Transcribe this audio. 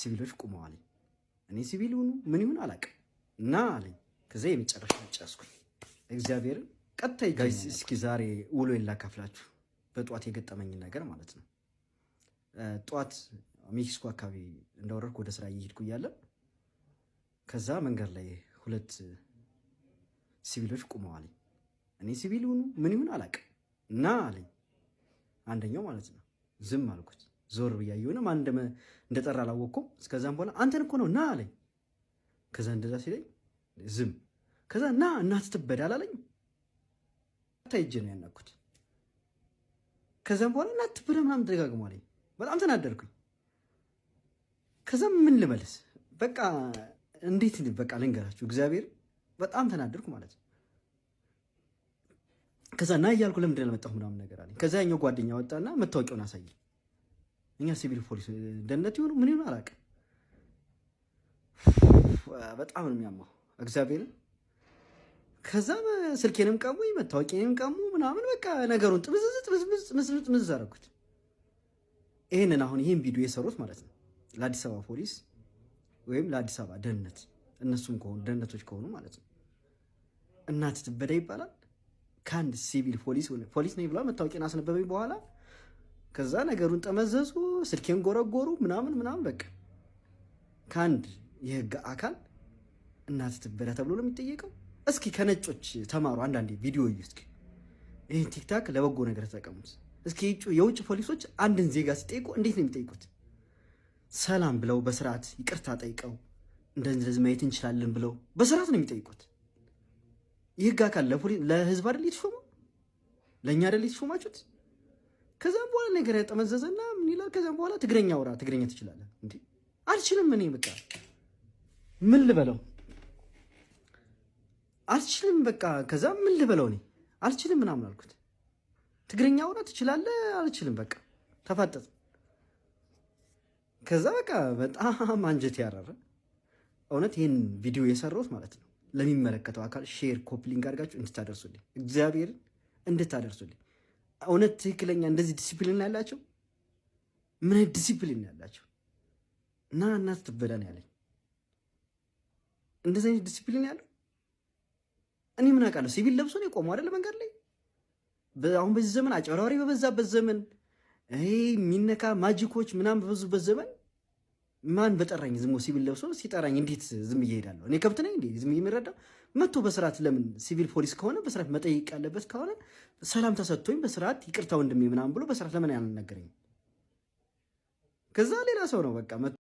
ሲቪሎች ቁመዋል። እኔ ሲቪል ሆኑ ምን ይሁን አላውቅም። እና አለኝ ከዛ የመጨረሻ ጨስኩኝ። እግዚአብሔርን ቀጥታ ጋይስ፣ እስኪ ዛሬ ውሎ የላካፍላችሁ በጠዋት የገጠመኝ ነገር ማለት ነው። ጠዋት ሜክሲኮ አካባቢ እንደወረድኩ ወደ ስራ እየሄድኩ እያለ ከዛ መንገድ ላይ ሁለት ሲቪሎች ቁመዋል። እኔ ሲቪል ሆኑ ምን ይሁን አላውቅም። እና አለኝ አንደኛው ማለት ነው። ዝም አልኩት። ዞር ብዬ የሆነ ማን እንደጠራ አላወቅኩም። እስከዛም በኋላ አንተን እኮ ነው ና አለኝ። ከዛ እንደዛ ሲለኝ ዝም ከዛ ና እናት ትበዳል አለኝ። ታይጀ ነው ያናኩት። ከዛም በኋላ እናት ትበዳ ምናምን ደጋግሞ አለኝ። በጣም ተናደርኩኝ። ከዛም ምን ልመልስ በቃ እንዴት በቃ ልንገራችሁ፣ እግዚአብሔር በጣም ተናደርኩ ማለት ነው። ከዛ ና እያልኩ ለምንድን ያልመጣሁ ምናምን ነገር አለኝ። ከዛ ያኛው ጓደኛ ወጣና መታወቂያውን አሳየኝ። እኛ ሲቪል ፖሊስ ደህንነት ይሆኑ ምን ይሆኑ አላውቅም። በጣም ነው የሚያማው እግዚአብሔርን። ከዛ ስልኬንም ቀሙ፣ መታወቂያንም ቀሙ ምናምን በቃ ነገሩን ጥምዝዝ ጥምዝምዝ ጥምዝምዝ አደረኩት። ይህንን አሁን ይህን ቪዲዮ የሰሩት ማለት ነው ለአዲስ አበባ ፖሊስ ወይም ለአዲስ አበባ ደህንነት እነሱም ከሆኑ ደህንነቶች ከሆኑ ማለት ነው እናት ትበዳ ይባላል። ከአንድ ሲቪል ፖሊስ ፖሊስ ነኝ ብሏል መታወቂያን አስነበበኝ በኋላ ከዛ ነገሩን ጠመዘዙ፣ ስልኬን ጎረጎሩ፣ ምናምን ምናምን በቃ ከአንድ የህግ አካል እናት ትበላ ተብሎ ነው የሚጠየቀው። እስኪ ከነጮች ተማሩ። አንዳንዴ ቪዲዮ እዩ እስኪ። ይህ ቲክታክ ለበጎ ነገር ተጠቀሙት እስኪ። የውጭ ፖሊሶች አንድን ዜጋ ሲጠይቁ እንዴት ነው የሚጠይቁት? ሰላም ብለው በስርዓት ይቅርታ ጠይቀው እንደዚህ ማየት እንችላለን ብለው በስርዓት ነው የሚጠይቁት። የህግ አካል ለህዝብ አደል የተሾመው? ለእኛ አደል የተሾማችሁት? ከዛም በኋላ ነገር ያጠመዘዘና ምን ይላል? ከዛም በኋላ ትግረኛ አውራ፣ ትግረኛ ትችላለህ። እንዴ? አልችልም። እኔ በቃ ምን ልበለው አልችልም። በቃ ከዛ ምን ልበለው እኔ አልችልም ምናምን አልኩት። ትግረኛ አውራ ትችላለህ? አልችልም። በቃ ተፋጠጥ። ከዛ በቃ በጣም አንጀት ያረረ እውነት ይህን ቪዲዮ የሰራሁት ማለት ነው ለሚመለከተው አካል ሼር ኮፕሊንግ አድርጋችሁ እንድታደርሱልኝ እግዚአብሔርን እንድታደርሱልኝ እውነት ትክክለኛ እንደዚህ ዲሲፕሊን ያላቸው ምን ዲሲፕሊን ያላቸው እና እናት ትበላን ያለኝ እንደዚህ አይነት ዲሲፕሊን ያለው እኔ ምን አውቃለሁ። ሲቪል ለብሶ ነው የቆመው አይደለ መንገድ ላይ። አሁን በዚህ ዘመን አጭበርባሪ በበዛበት ዘመን ይሄ የሚነካ ማጂኮች ምናምን በበዙበት ዘመን ማን በጠራኝ ዝሞ ሲቪል ለብሶ ሲጠራኝ እንዴት ዝም እየሄዳለሁ? እኔ ከብት ነኝ እንዴ? ዝም የሚረዳው መጥቶ በስርዓት ለምን ሲቪል ፖሊስ ከሆነ በስርዓት መጠየቅ ያለበት ከሆነ ሰላም ተሰጥቶኝ በስርዓት ይቅርታ ወንድሜ ምናምን ብሎ በስርዓት ለምን ያልነገረኝ? ከዛ ሌላ ሰው ነው በቃ